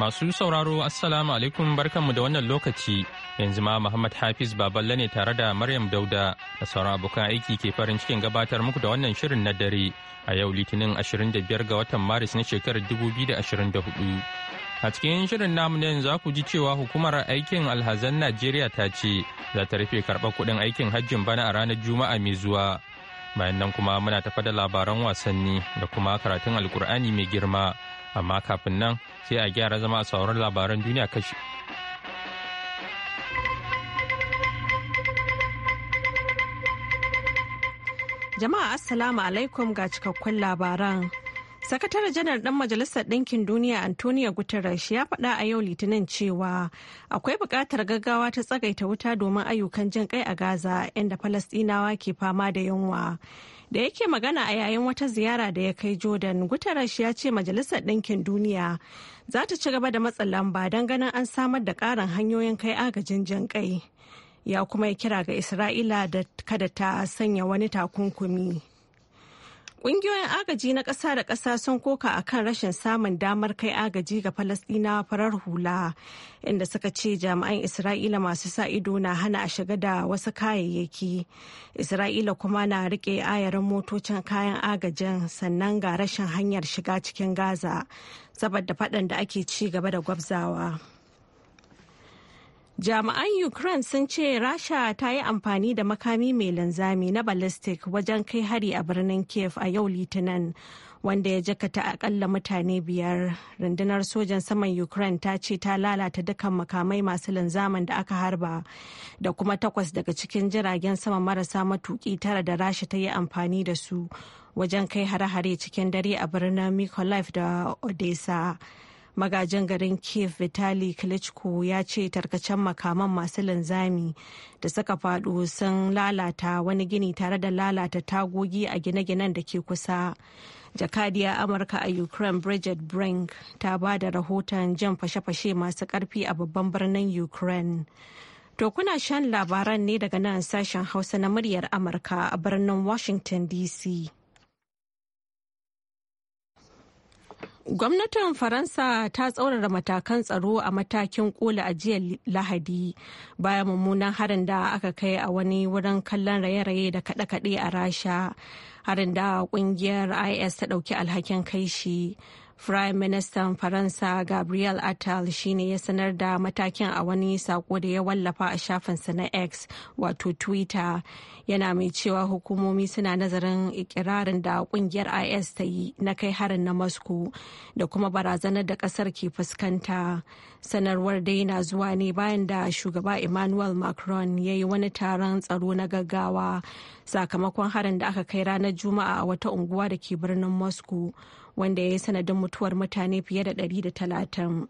Masu sauraro Assalamu alaikum barkanmu da wannan lokaci yanzu ma Muhammad Hafiz Baballe ne tare da Maryam Dauda da sauran abokan aiki ke farin cikin gabatar muku da wannan shirin na dare a yau Litinin 25 ga watan Maris na shekarar 2024. A cikin shirin namu ne za ku ji cewa hukumar aikin alhazan Najeriya ta ce za ta rufe karɓar kuɗin aikin hajjin bana a ranar Juma'a mai zuwa. Bayan nan kuma muna tafa da labaran wasanni da kuma karatun Alkur'ani mai girma. amma kafin nan sai a gyara zama a sauran labaran duniya kashi. Jama'a Assalamu alaikum ga cikakkun labaran. Sakatare janar ɗan Majalisar Ɗinkin Duniya Antonio Guterres ya faɗa a yau Litinin cewa akwai buƙatar gaggawa ta tsagaita wuta domin ayyukan jin kai a Gaza inda Falasɗinawa ke fama da yunwa. da yake magana a yayin wata ziyara da ya kai jordan guterres ya ce majalisar ɗinkin duniya za ta ci gaba da matsa lamba don ganin an samar da ƙarin hanyoyin kai agajin jan kai ya kuma yi kira ga isra'ila da kada ta sanya wani takunkumi Ƙungiyoyin agaji na ƙasa da ƙasa sun koka a kan rashin samun damar kai agaji ga Falasɗina farar hula, inda suka ce jami'an Isra'ila masu sa ido na hana a shiga da wasu kayayyaki. Isra'ila kuma na riƙe ayarin motocin kayan agajin sannan ga rashin hanyar shiga cikin Gaza, saboda faɗan da ake ci gaba da gwabzawa. Jami'an Ukraine sun ce Rasha ta yi amfani da makami mai linzami na ballistic wajen kai hari a birnin Kiev a yau Litinin. wanda ya jakata akalla mutane biyar rundunar sojan saman ukraine ta ce ta lalata dukkan makamai masu linzamin da aka harba da kuma takwas daga cikin jiragen sama marasa matuki tara da rasha ta yi amfani da su wajen kai hare-hare cikin dare a birnin mikolaif da odessa magajin garin kiev vitali klitschko ya ce tarkacen makaman masu linzami da suka faɗo sun lalata wani gini tare da lalata tagogi a gine-ginen da ke kusa jakadiya amurka a ukraine bridget brink ta ba da rahoton jan fashe-fashe masu karfi a babban birnin ukraine to kuna shan labaran ne daga nan sashen hausa na muryar amurka a birnin washington dc Gwamnatin Faransa ta tsaurara matakan tsaro a matakin kola a jiya Lahadi bayan mummunan harin da aka kai a wani wurin kallon raye-raye da kaɗe-kaɗe a Rasha. Harin da kungiyar IS ta ɗauki alhakin kai shi. Prime Minister Faransa Gabriel Attal shine ya sanar da matakin a wani sako da ya wallafa a shafinsa na X wato Twitter yana mai cewa hukumomi suna nazarin ikirarin da kungiyar IS ta yi na kai harin na Moscow da kuma barazanar da kasar ke fuskanta. Sanarwar dai na zuwa ne bayan da shugaba Emmanuel Macron ya yi wani taron tsaro na gaggawa sakamakon harin da aka kai ranar Juma'a a wata unguwa da ke birnin Moscow. wanda ya yi sanadin mutuwar mutane fiye da 130.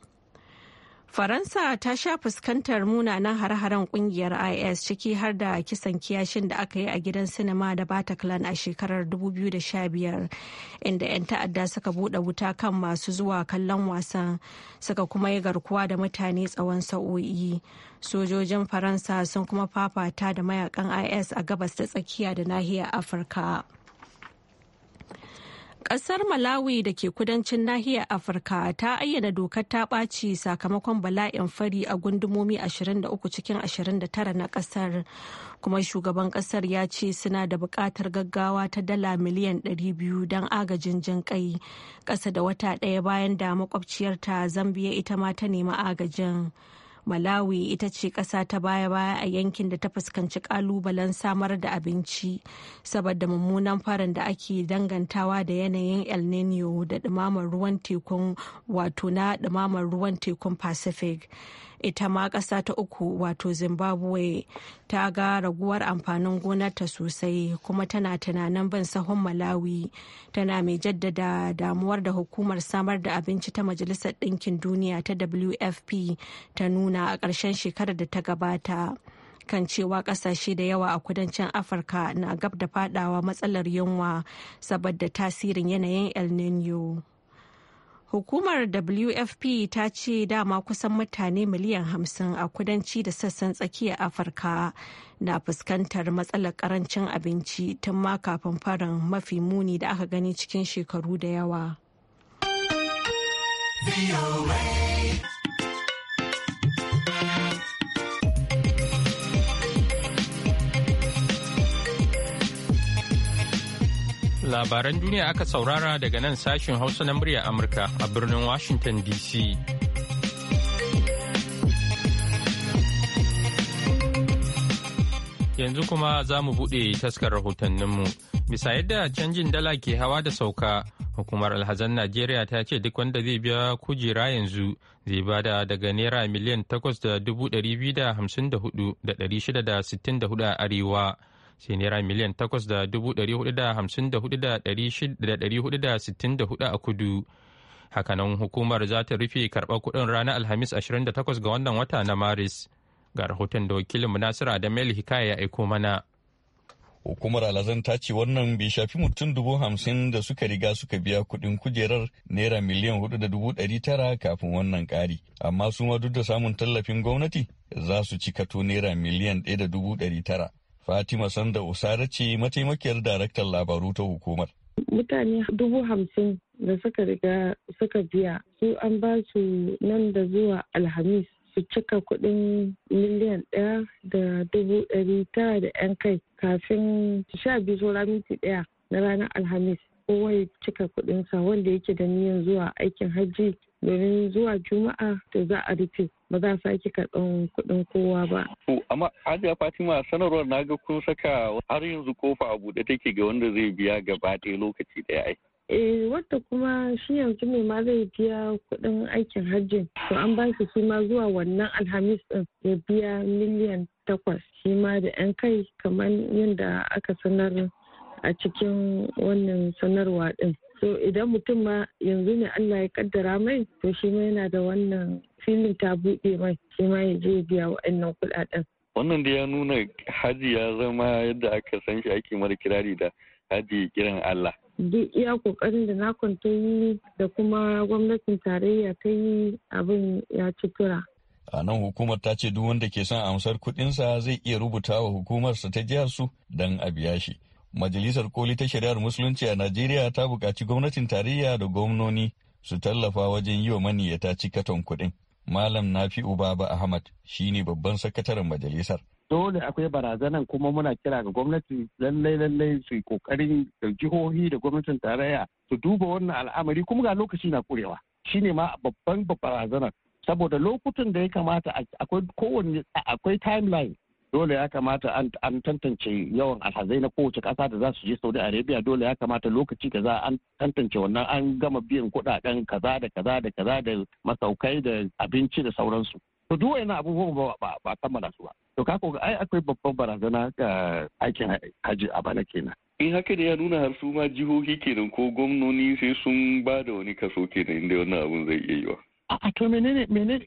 Faransa ta sha fuskantar munanan har haren kungiyar IS ciki har da kisan kiyashin da aka yi a gidan sinima da Bataclan a shekarar 2015 inda 'yan ta'adda suka buɗe wuta kan masu zuwa kallon wasan suka kuma yi garkuwa da mutane tsawon sa'o'i. Sojojin Faransa sun kuma fafata da mayakan IS a gabas da tsakiya da nahiyar Afirka. Ƙasar Malawi da ke kudancin nahiyar Afirka ta ayyana dokar ta ɓaci sakamakon bala'in fari a gundumomi 23 cikin 29 na ƙasar. Kuma shugaban ƙasar ya ce suna da buƙatar gaggawa ta dala miliyan 200 don agajin jin ƙai. Ƙasa da wata ɗaya bayan da makwabciyarta Zambiya ita ma ta nemi agajin. malawi ita ce kasa ta baya-baya a yankin da ta fuskanci kalubalen samar da abinci saboda mummunan farin da ake dangantawa da yanayin el nino da ɗumamar ruwan tekun wato na ɗumamar ruwan tekun pacific ita ma ƙasa ta uku wato zimbabwe ta ga raguwar amfanin gonarta sosai kuma tana tunanin bin sahun malawi tana mai jaddada damuwar da hukumar samar da abinci ta majalisar ɗinkin duniya ta wfp ta nuna a ƙarshen shekarar da ta gabata kan cewa kasashe da yawa a kudancin afirka na gab da fadawa matsalar yunwa saboda tasirin yanayin el nino Hukumar WFP ta ce dama kusan mutane miliyan hamsin a kudanci da sassan tsakiyar Afirka na fuskantar matsalar karancin abinci tun ma kafin farin mafi muni da aka gani cikin shekaru da yawa. Labaran duniya aka saurara daga nan sashin Hausa na murya Amurka a birnin Washington DC. Yanzu kuma za mu buɗe taskar rahotanninmu. Bisa yadda canjin dala ke hawa da sauka, hukumar alhazan Najeriya ta ce duk wanda zai biya kujera yanzu zai bada daga naira miliyan 8,254,664 a arewa. sai naira miliyan hudu a kudu. Hakanan hukumar za ta rufe karɓar kuɗin ranar Alhamis 28 ga wannan wata na Maris. Ga rahoton da wakilin Nasiru adamel Hikaya ya aiko mana. hukumar alazan ta ce wannan bai shafi mutum dubu hamsin da suka riga suka biya kuɗin kujerar naira miliyan hudu da dubu ɗari tara kafin wannan ƙari amma su ma duk da samun tallafin gwamnati za su ci kato naira miliyan ɗaya da dubu ɗari tara Fatima Sanda Usara ce mataimakiyar daraktan labaru ta hukumar. Mutane dubu hamsin da suka riga suka biya su an ba su nan da zuwa Alhamis su cika kuɗin miliyan ɗaya da dubu ɗari tara da 'yan kai kafin sha biyu raminti ɗaya na ranar Alhamis. Kowai cika kuɗinsa wanda yake da niyan zuwa aikin hajji domin zuwa juma'a da za a rufe ba za a sake karɓar kuɗin kowa ba. amma hajiya fatima sanarwar na ga kun saka har yanzu kofa a buɗe take ga wanda zai biya gaba ɗaya lokaci ɗaya ai. eh wata kuma shi yanzu ne ma zai biya kuɗin aikin hajjin to an ba shi shi ma zuwa wannan alhamis ɗin ya biya miliyan takwas shi ma da 'yan kai kamar yadda aka sanar a cikin wannan sanarwa ɗin. so idan mutum ma yanzu ne Allah ya kaddara mai to shi ma yana da wannan filin ta buɗe mai shi ma ya je biya wa'annan kuɗaɗen. wannan da ya nuna haji ya zama yadda aka san shi ake mara kirari da haji kiran Allah. duk iya kokarin da na kwanta yi da kuma gwamnatin tarayya ta yi abin ya ci tura. a nan hukumar ta ce duk wanda ke son amsar kuɗinsa zai iya rubuta wa hukumarsa ta jihar su don a biya shi Majalisar Koli ta Shari'ar Musulunci a Najeriya ta buƙaci gwamnatin tarayya da gwamnoni su tallafa wajen yi wa maniyyata cikatan kuɗin. Malam Nafi'u Baba Ahmad shine babban sakataren majalisar. Dole akwai barazanan kuma muna kira ga gwamnati lallai lallai su yi kokarin da jihohi da gwamnatin tarayya su duba wannan al'amari kuma ga lokaci na kurewa. Shine ma babban barazanar saboda lokutan da ya kamata akwai akwai timeline dole ya kamata an tantance yawan alhazai na kowace kasa da za su je saudi arabia dole ya kamata lokaci za an tantance wannan an gama biyan kuɗaɗen kaza da kaza da kaza da masaukai da abinci da sauransu to duk wani abubuwan ba ba kammala su ba to kako ai akwai babban barazana ga aikin haji a bana kenan in haka ne ya nuna har su ma jihohi kenan ko gwamnoni sai sun ba da wani kaso kenan inda wannan abun zai iya yiwa a to menene menene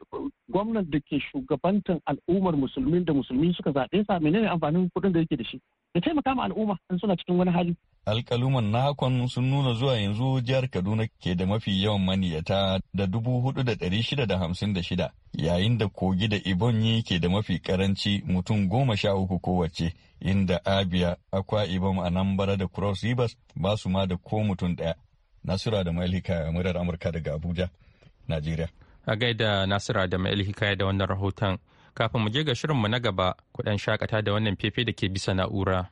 gwamnan da ke shugabantan al'ummar musulmi da musulmi suka zaɓe sa menene amfanin kuɗin da yake da shi Ya taimaka ma al'umma in suna cikin wani hali alkaluman na hakon sun nuna zuwa yanzu jihar kaduna ke da mafi yawan maniyata da dubu hudu da ɗari shida da hamsin da shida yayin da kogi da ibonyi ke da mafi karanci mutum goma sha uku kowace inda abia akwa ibom anambra da cross rivers ba su ma da ko mutum ɗaya nasura da malika murar amurka daga abuja Najeriya. A gaida Nasiru Adamu El Hikaya da wannan rahoton. Kafin mu je ga shirin mu na gaba, kuɗan shakata da wannan fefe da ke bisa na'ura.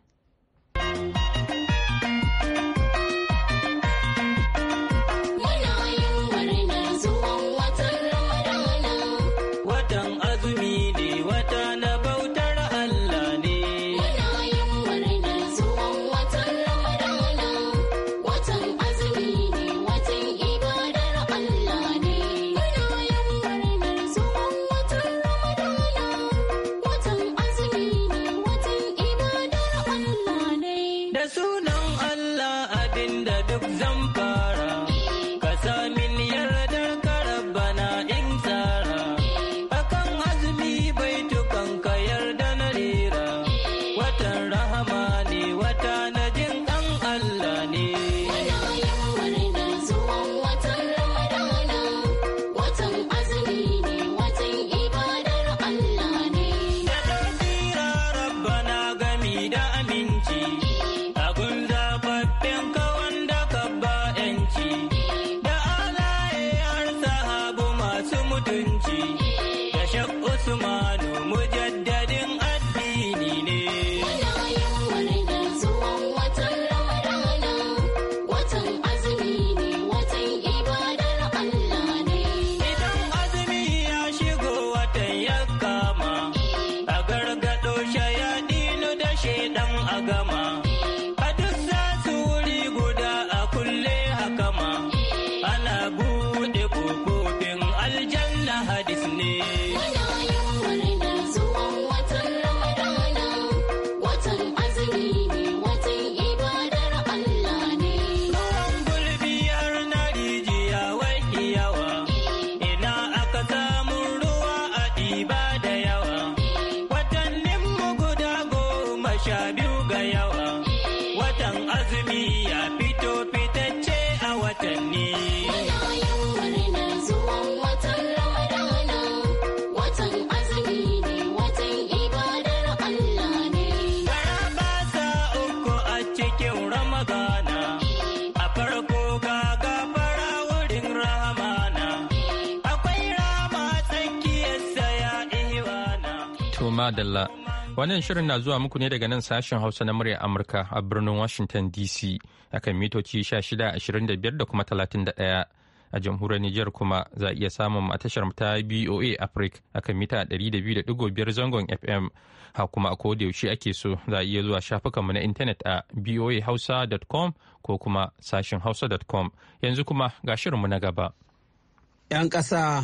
Madalla. Wannan shirin na zuwa muku ne daga nan sashen Hausa na muryar Amurka a birnin Washington DC a kan mitoci 1625 da kuma 31. A jamhuriyar Nijar kuma za a iya samun a tashar ta BOA Africa kan mita 200.5 zangon FM. Ha kuma a koda yaushe ake so za a iya zuwa shafukanmu na intanet a boahausa.com ko kuma sashen hausa.com. Yanzu kuma ga shirinmu na gaba. 'Yan ƙasa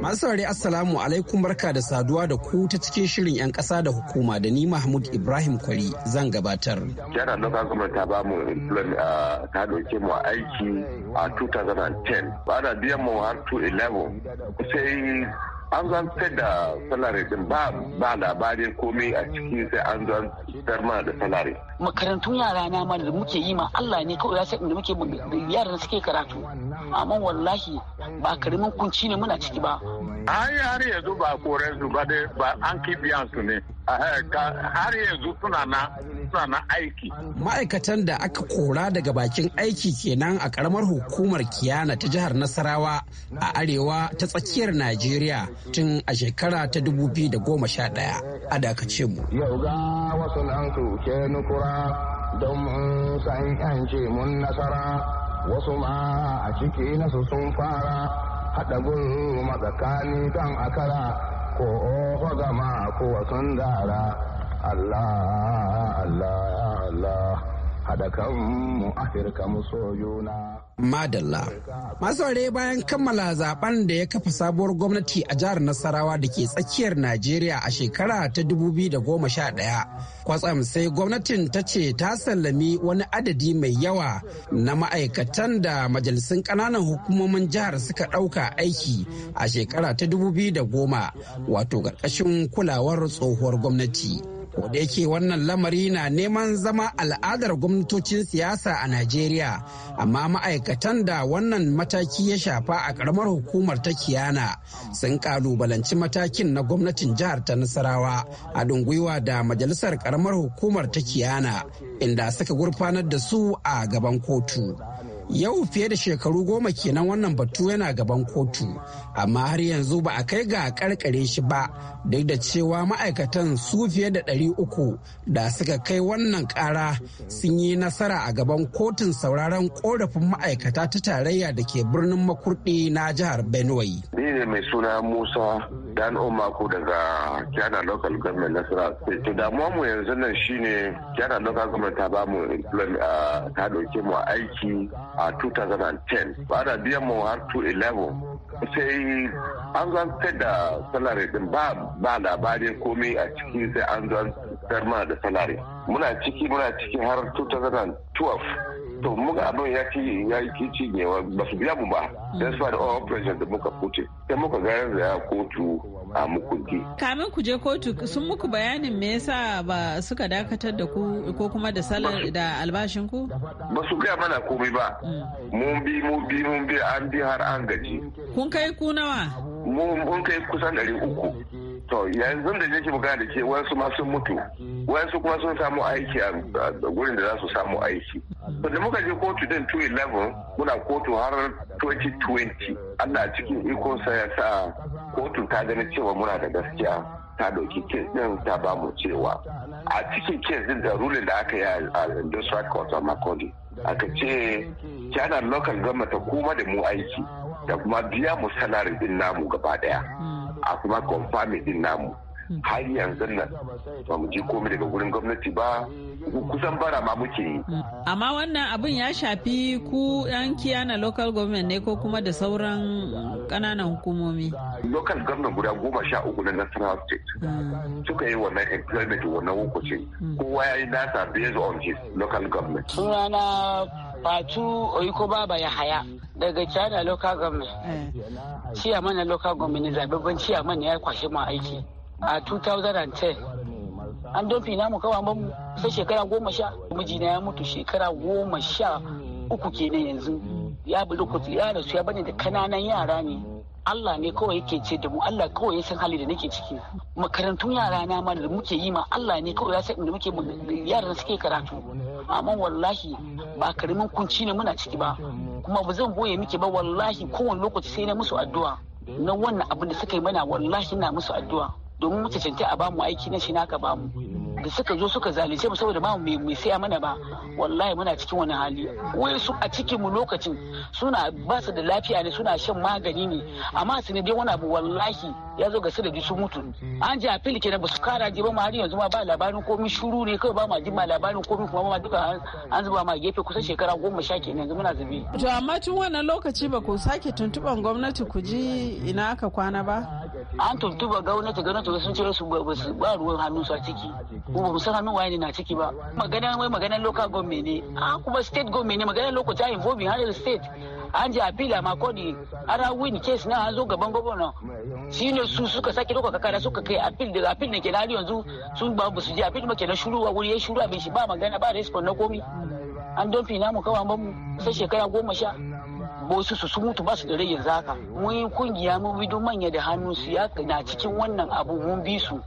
Masu saurari Assalamu alaikum barka da saduwa da ku ta cikin shirin 'yan ƙasa da hukuma da ni Mahmud Ibrahim Kwari zan gabatar. Jana Local gwamnati ta ba mu uh, ta doke mu aiki a 2010 ba da biyan mu har 2011 sai an zantar da salari din ba ba labarin komai a ciki sai an zantar ma da salari makarantun yara na ma da muke yi ma Allah ne kawai ya inda muke yaran suke karatu amma wallahi ba karimin kunci ne muna ciki ba har har yanzu ba koren su ba dai ba an kibiyan su ne har yanzu suna na suna na aiki ma'aikatan da aka kora daga bakin aiki kenan a karamar hukumar kiyana ta jihar nasarawa a arewa ta tsakiyar najeriya tun a shekara ta 2011 a dakace mu. Yau ga wasu nan su ke nukura don mun san yance mun nasara wasu ma a ciki nasu sun fara haɗa gulu matsakani kan akara ko oho gama ko wasan dara Allah Allah Allah. haɗa afirka Madalla. Masu bayan kammala zaben da ya kafa sabuwar gwamnati a jihar Nasarawa da ke tsakiyar Najeriya a shekara ta 2011. Kwatsam sai gwamnatin ta ce ta sallami wani adadi mai yawa na ma'aikatan da majalisun ƙananan hukumomin jihar suka ɗauka aiki a shekara ta 2010 wato ƙarƙashin kulawar tsohuwar gwamnati. ko da yake wannan lamari na neman zama al'adar gwamnatocin siyasa a najeriya amma ma'aikatan da wannan mataki ya shafa a karamar hukumar ta kiyana sun kalubalanci matakin na gwamnatin jihar ta nasarawa haɗin gwiwa da majalisar karamar hukumar ta kiyana inda suka gurfanar da su a gaban kotu yau fiye da shekaru goma kenan wannan batu yana gaban kotu amma har yanzu ba a kai ga karkare shi ba duk da cewa ma'aikatan su fiye da ɗari uku da suka kai wannan ƙara sun yi nasara a gaban kotun sauraron korafin ma'aikata ta tarayya da ke birnin makurɗi na jihar benue ni ne mai suna musa dan omaku daga kyana local government nasara to damuwa mu yanzu nan shine kyana local government ta ba mu ah, ta ɗauke mu aiki a 2010 ba da biyan mu har 2011 sai an zantar da salari din ba ba labarin komai a ciki sai an zantar mana da salari muna ciki muna ciki har 2012 to muka abin ya ci ya yi cinyewa ba su biya mu ba dan su da all oh, president da muka kuce sai muka yanzu da kotu a mukunki. kamin ku je kotu sun muku bayanin me yasa ba suka dakatar da ku ko kuma da salar da albashin ku ba su ga mana komai ba mm. mun bi mun bi mun bi an bi har an gaji kun kai ku nawa mun kai kusan 300 uku to yanzu da nake magana da ke wasu ma mutu wasu kuma sun samu aiki a gurin da za su samu aiki to da muka je kotu din 2011 muna kotu har 2020 Allah cikin sa ya sa kotu ta gani cewa muna da gaskiya ta dauki kes din ta ba mu cewa a cikin kes din da rulin da aka yi a district court of makodi aka ce china local government ta kuma da mu aiki da kuma biya mu salari din namu gaba daya a kuma confirming din namu hmm. har yanzu nan ba mu ji komai daga wurin gwamnati ba kusan bara ma muke yi. Hmm. Amma wannan abin ya shafi ku yan kiyana local government ne ko kuma da sauran kananan hukumomi. Local government guda goma sha uku na National State hmm. suka yi wannan employment wannan hukuncin kowa ya yi nasa based on his local government. Sunana Fatu Oiko Baba Yahaya daga China local government. Eh. Ciyaman na local government ne zababben ya kwashe mu aiki a 2010. An don fina mu kawai mu sai shekara goma sha mijina ya mutu shekara goma sha uku kenan yanzu ya lokaci ya rasu ya bane da kananan yara ne. Allah ne kawai yake ce da mu Allah kawai ya san hali da nake ciki makarantun yara na ma da muke yi ma Allah ne kawai ya san inda muke yaran suke karatu amma wallahi ba karamin kunci ne muna ciki ba kuma ba zan boye muke ba wallahi kowane lokaci sai na musu addu'a na wannan abin da suka yi mana wallahi na musu addu'a domin mu a bamu aiki na shi naka bamu da suka zo suka zalice mu saboda ba mu mai saya mana ba wallahi muna cikin wani hali wai su a cikin mu lokacin suna ba su da lafiya ne suna shan magani ne amma su ne dai wani abu wallahi ya zo ga su da su mutu an ji fili kenan ba su kara ji ba ma har yanzu ma ba labarin komi shuru ne kawai ba ma ji ma labarin komi kuma ma duka an zuba ma gefe kusan shekara goma sha kenan yanzu muna zube. to amma tun wannan lokaci ba ku sake tuntuban gwamnati ku ji ina aka kwana ba. an tuntuba gwamnati gwamnati sun cire su ba ruwan hannun su a ciki mu ba mu san hannun waye ne na ciki ba maganar wai maganar local government ne a ah, kuma state government ne maganar local ta involving har state an ji apila ma kodi ara win case na an zo gaban gwamna shine su suka sake doka kakara suka kai apil da apil ne kenan har yanzu sun ba su je apil ma kenan shuru wa wuri ya shuru abin shi ba magana ba respond na komi an don fina mu kawai mu sai shekara goma sha wasu su su mutu ba da rai zaka mun kungiya mun bi manya da hannu su ya na cikin wannan abu mun bi su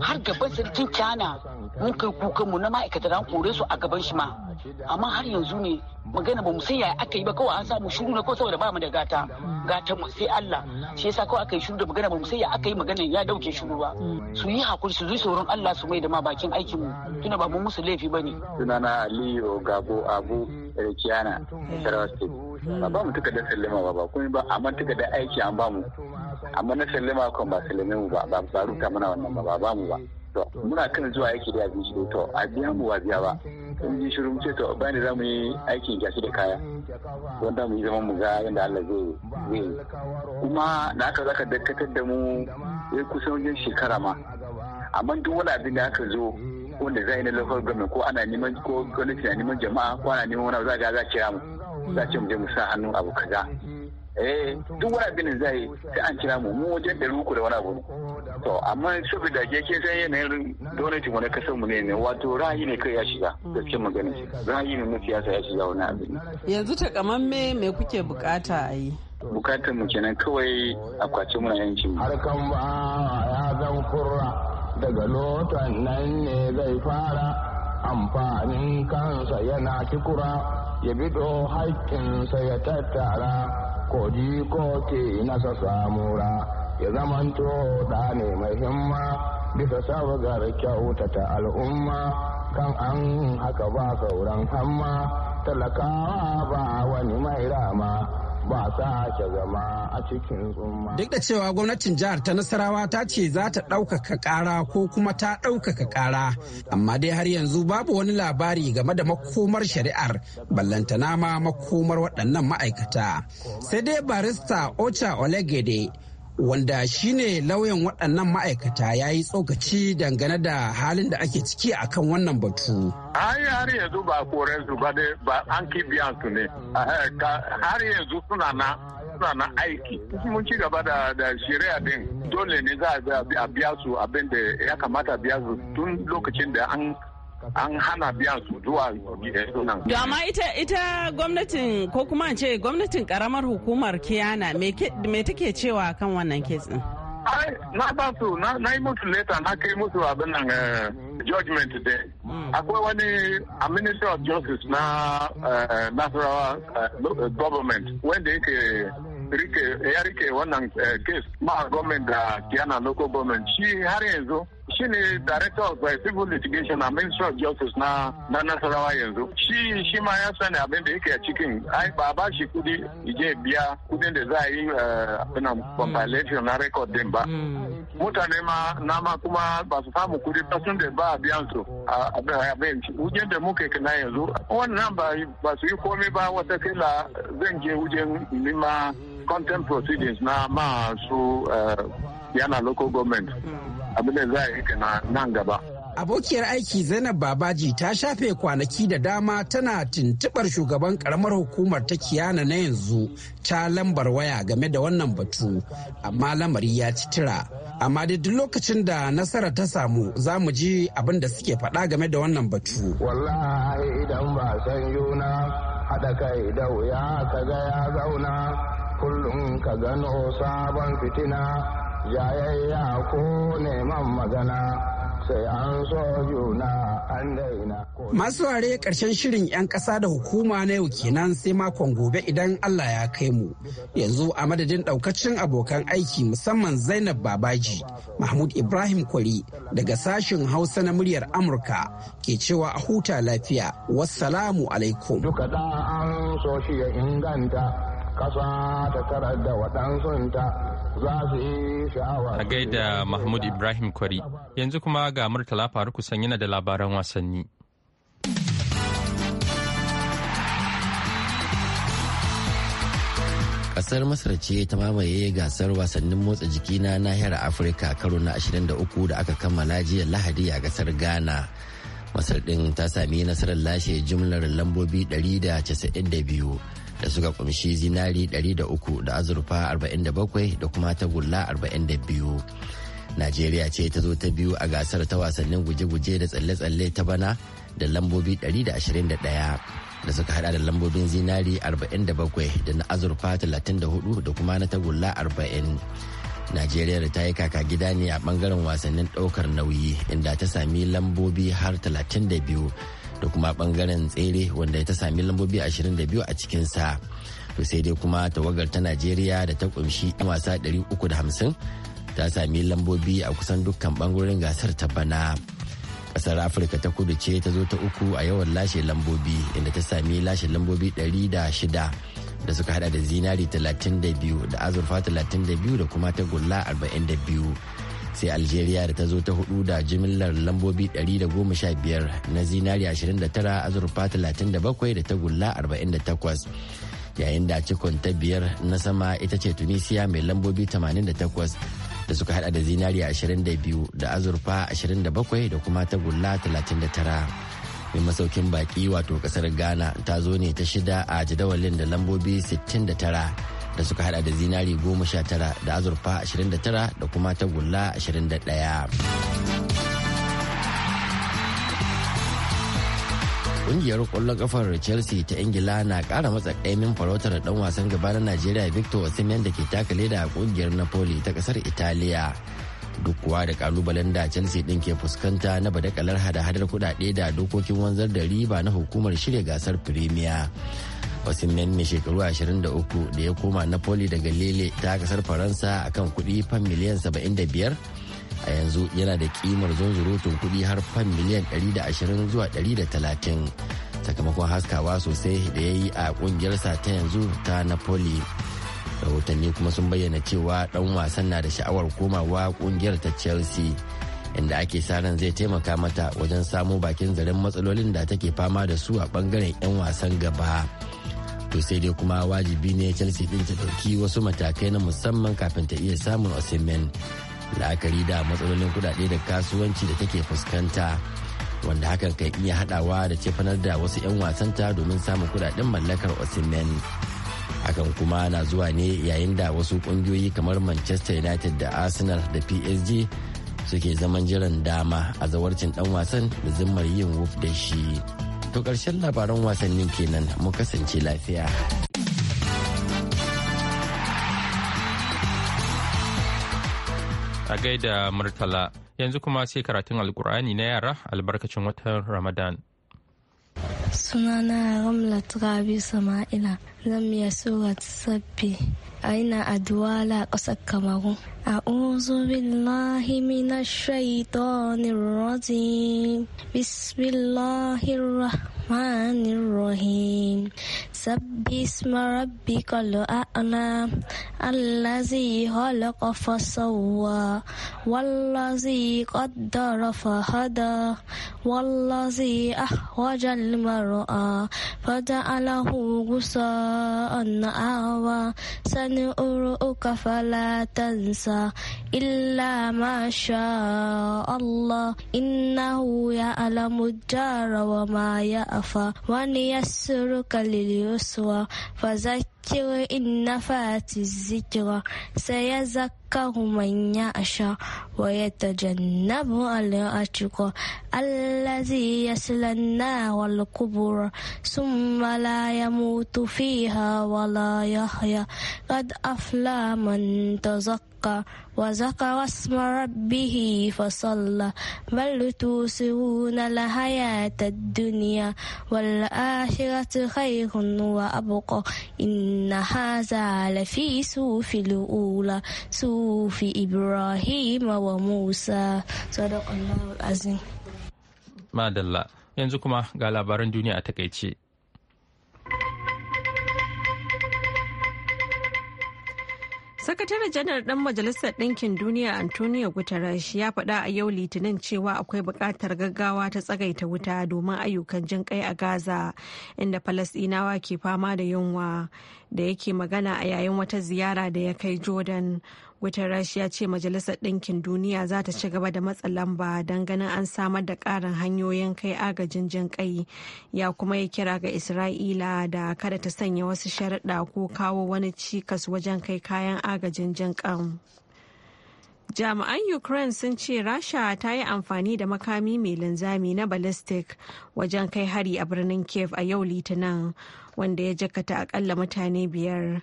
har gaban sarkin cana mun kai kukan mu na ma'aikata an kore su a gaban shi ma amma har yanzu ne magana ba mu san yaya aka yi ba kawai an samu shuru na ko saboda ba mu da gata gata mu sai Allah shi yasa kawai aka yi shuru da magana ba mu san yaya aka yi magana ya dauke shuru ba su yi hakuri su zo sauran Allah su mai da ma bakin aikin mu tuna ba mu musu laifi bane sunana Aliyu Gabo Abu Rekiana Sarawa ba ba mu da sallama ba ba kuma ba amma da aiki an ba mu amma na sallama kan ba sallame mu ba ba rubuta mana wannan ba ba mu ba to muna kan zuwa aiki da abin shi to a biya mu ba biya ba in ji shirin ce to bayan da za mu yi aikin gashi da kaya wanda mu yi zama mu ga yadda Allah zai yi kuma da aka zaka dakatar da mu ya kusan wajen shekara ma amma duk wani abin da aka zo wanda zai na local government ko ana neman ko gwamnati na neman jama'a ko ana neman wani za ga za kira mu za ce mu je mu sa hannu abu kaza Eh, duk wani abin da zai sai an kira mu mu wajen ɗari uku da wani abu to amma saboda ke ke san yanayin gwamnati mu na kasar mu ne ne wato ra'ayi ne kai ya shiga gaskiyar magana ra'ayi ne na siyasa ya shiga wani abin yanzu takamamme me kuke bukata a yi bukatar mu kenan kawai a kwace muna yankin mu harkan ba ya zan kurra daga lotan nan ne zai fara amfanin kansa yana kikura ya bido haƙƙinsa ya tattara ji ko ke nasa samura ya zamanto da ne mai himma bisa sabgar kyautata al'umma kan an haka ba sauran hamma talakawa ba wani mai rama ba sa ke zama a cikin tsumma. Duk da cewa gwamnatin jihar ta Nasarawa ta ce za ta ɗaukaka ƙara ko kuma ta ɗaukaka ƙara, amma dai har yanzu babu wani labari game da makomar shari'ar ballantana ma makomar waɗannan ma'aikata. Sai dai barista Ocha Olegede wanda shine lauyan waɗannan ma'aikata ya yi tsokaci dangane da halin da ake ciki a kan wannan batu. har yanzu ba koren su ba ne ba an kibiyan su ne har yanzu suna na suna na aiki mun ci gaba da shirya din dole ne za a biya su abin da ya kamata biya su tun lokacin da an an hana biyan su zuwa sunan. To amma ita ita gwamnatin ko kuma ce gwamnatin karamar hukumar Kiyana me take cewa kan wannan kesin? Ai na ba su na yi musu leta na kai musu abin nan eh, judgment day. Hmm. Akwai wani a minister of Justice na eh, Nasarawa eh, government wanda yake ya rike wannan case ma government da Kiyana local government shi har yanzu shine director of civil litigation a minister of justice na na nasarawa yanzu shi shi ma ya sani abin da yake a cikin ai ba ba shi kudi je biya kudin da za a yi eh, abin mm. compilation na record din ba mm. mutane ma na ma kuma ba su samu kudi ba sun da ba a biyan su abin wujen da muke yanzu wannan ba su yi komai ba wata kila zan je wujen nima content proceedings na masu eh, yana local government mm. abin da za a yi kana nan gaba. Abokiyar aiki Zainab Babaji ta shafe kwanaki da dama tana tuntubar shugaban karamar hukumar ta kiyana na yanzu ta lambar waya game da wannan batu, amma lamari ya ci tira. Amma duk lokacin da nasara ta samu za mu ji abin da suke faɗa game da wannan batu. Wallahi idan ba san yuna haɗa kai da wuya ka ga ya zauna kullum ka gano sabon fitina yayayya ko neman magana sai an so juna an daina. Masu ware ƙarshen shirin 'yan ƙasa da hukuma na yau kenan sai makon gobe idan Allah ya kai mu. Yanzu a madadin ɗaukacin abokan aiki musamman Zainab Babaji, Mahmud Ibrahim Kwari daga sashen Hausa na muryar Amurka ke cewa a huta lafiya. Wassalamu alaikum. Duka da an so shi ya inganta kasa ta tarar da waɗansunta za su yi sha'awa. A gaida Mahmud Ibrahim Kwari, yanzu kuma ga Murtala Faruku yana da labaran wasanni. ƙasar masar ce ta mamaye gasar wasannin motsa jiki na nahiyar afirka karo na 23 da aka kammala jiya lahadi a gasar ghana masar ɗin ta sami nasarar lashe jumlar lambobi 192 da suka kumshi zinari 300 da azurfa 47 da kuma tagulla 42 najeriya ce ta zo ta biyu a gasar ta wasannin guje-guje da tsalle-tsalle ta bana da lambobi 121 da suka hada da lambobin zinari 47 da na azurfa 34 da kuma na tagulla 40 Najeriya da ta yi kaka gida ne a bangaren wasannin ɗaukar nauyi inda ta sami lambobi har 32 da kuma bangaren tsere wanda ta sami lambobi 22 a cikinsa to sai dai kuma tawagar ta najeriya da ta 'yan wasa 350 ta sami lambobi a kusan dukkan bangarorin gasar ta bana kasar afirka ta kudu ce ta zo ta uku a yawan lashe lambobi inda ta sami lashe lambobi 106 da suka hada da zinari 32 da azurfa 32 da kuma tagulla 42 sai algeria da ta zo ta hudu da jimillar lambobi 115 na zinari 29 azurfa 37 da tagulla 48 yayin da cikon ta biyar na sama ita ce tunisia mai lambobi 88 da suka hada da zinari 22 da azurfa 27 da kuma tagulla 39 mai masaukin baki wato kasar ghana ta zo ne ta shida a jadawalin da lambobi 69 da suka hada da zinari goma sha tara da azurfa ashirin da tara da kuma tagulla ashirin da ɗaya. Ƙungiyar ƙwallon ƙafar Chelsea ta Ingila na ƙara matsa ƙaimin farautar ɗan wasan gaba na Najeriya Victor Osimhen da ke taka leda a ƙungiyar Napoli ta ƙasar Italiya. duk kuwa da kalubalen da chelsea din ke fuskanta na badakalar hada-hadar kudade da dokokin wanzar da riba na hukumar shirya gasar premier osimhen mai shekaru 23 da ya koma napoli daga lele ta kasar faransa a kan kudi fan miliyan 75 a yanzu yana da kimar zunzurutun kudi har fan miliyan 120 zuwa 130 sakamakon haskawa sosai da ya yi a kungiyarsa ta yanzu ta napoli rahotanni kuma sun bayyana cewa dan wasan na da sha'awar komawa kungiyar ta chelsea inda ake saran zai taimaka mata wajen samo bakin zaren matsalolin da take fama da su a bangaren 'yan wasan gaba. to sai dai kuma wajibi ne chelsea din ta dauki wasu matakai na musamman kafin ta iya samun osimhen la'akari da matsalolin kudade da kasuwanci da take fuskanta wanda hakan kan iya hadawa da cefanar da wasu 'yan wasanta domin samun kudaden mallakar osimhen hakan kuma na zuwa ne yayin da wasu kungiyoyi kamar manchester united da arsenal da psg suke zaman jiran dama a zawarcin dan wasan da zimmar yin wuf da shi To ƙarshen labaran wasannin kenan mu kasance lafiya. A gaida Murtala yanzu kuma sai karatun Alkur'ani na yara albarkacin watan Ramadan. Sunana Ramlat Rabi Sama'ila, zan iya surat sabbi. aina aduala ƙasar kamaru a'udhu billahi minash shaitonir rajim bismillahir rahmanir rahim wallazi qaddara fahada mar'a fata'alahu gusa an awa أرؤك فلا تنسى إلا ما شاء الله إنه يعلم الجار وما يأفى ونيسرك لليسوى فزكي ذكر إن فات الذكرى سيذكر من يخشى ويتجنبها الأشقى الذي يصلى النار الكبرى ثم لا يموت فيها ولا يحيا قد أفلى من تزكى وذكر وذكر اسم ربه فصلى بل توسرون الحياة الدنيا والآخرة خير وأبقى إن هذا لفي سوف الأولى سوف إبراهيم وموسى صدق الله العظيم madalla yanzu kuma ga labaran duniya a takaice sakataren janar ɗan majalisar ɗinkin duniya antonio guterres ya faɗa a yau litinin cewa akwai buƙatar gaggawa ta tsagaita wuta domin ayyukan jin kai a gaza inda falasɗinawa ke fama da yunwa da yake magana a yayin wata ziyara da ya kai jordan wata rashiya ce Majalisar Ɗinkin Duniya za ta ci gaba da matsa lamba don ganin an samar da ƙarin hanyoyin kai agajin jin kai ya kuma yi kira ga Isra'ila da kada ta sanya wasu sharaɗa ko kawo wani cikas wajen kai kayan agajin jin kan. jami'an ukraine sun ce rasha ta yi amfani da makami mai linzami na ballistic wajen kai hari a birnin kiev a yau litinin wanda ya jakata akalla mutane biyar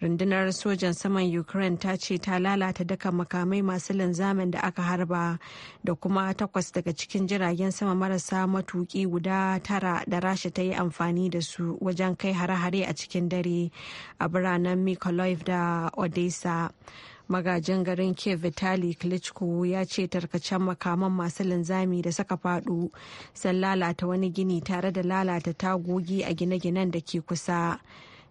rundunar sojan saman ukraine ta ce ta lalata daka makamai masu linzamin da aka harba da kuma takwas daga cikin jiragen sama marasa matuki guda tara da rasha ta yi amfani da su wajen kai hare-hare a cikin dare a biranen mykolaiv da odessa magajin garin ke vitali klitschko ya ce tarkacen makaman masu linzami da suka fadu sun lalata wani gini tare da lalata tagogi a gine-ginen da ke kusa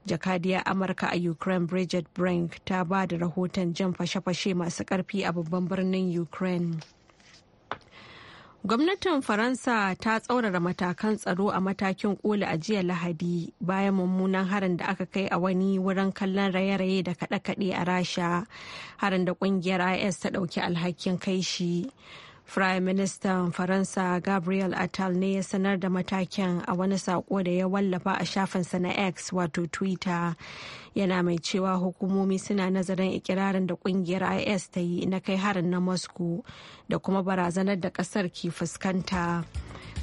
jakadiyar amurka a ukraine bridget brink ta ba da rahoton jan fashe-fashe masu karfi a babban birnin ukraine gwamnatin faransa ta tsaurara matakan tsaro a matakin koli a jiya lahadi bayan mummunan harin da aka kai a wani wurin kallon raye-raye da kaɗe-kaɗe a rasha harin da kungiyar is ta ɗauki alhakin kai shi Prime Minister Faransa Gabriel Attal ne ya sanar da matakin a wani saƙo da ya wallafa a shafinsa na X wato Twitter. Yana mai cewa hukumomi suna nazarin ikirarin da kungiyar IS ta yi na kai harin na Moscow da kuma barazanar da ƙasar ke fuskanta.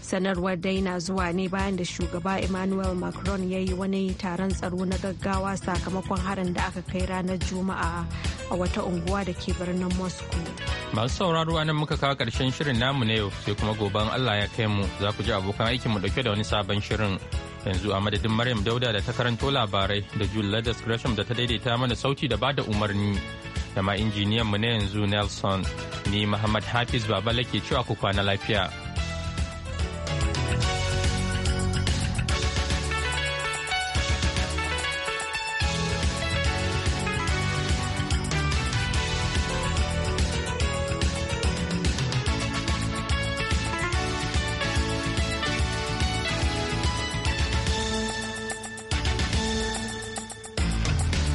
sanarwar dai na zuwa ne bayan da shugaba emmanuel macron ya yi wani taron tsaro na gaggawa sakamakon harin da aka kai ranar juma'a a wata unguwa da ke birnin moscow Masu sauraro nan muka kawo karshen shirin namu ne yau sai kuma goban Allah ya kai mu za ku ji abokan aikin mu dauke da wani sabon shirin. Yanzu a madadin Maryam Dauda da ta karanto labarai da Julie da da ta daidaita mana sauti da bada umarni da ma injiniyan mu ne yanzu Nelson ni Muhammad Hafiz baba ke cewa ku kwana lafiya.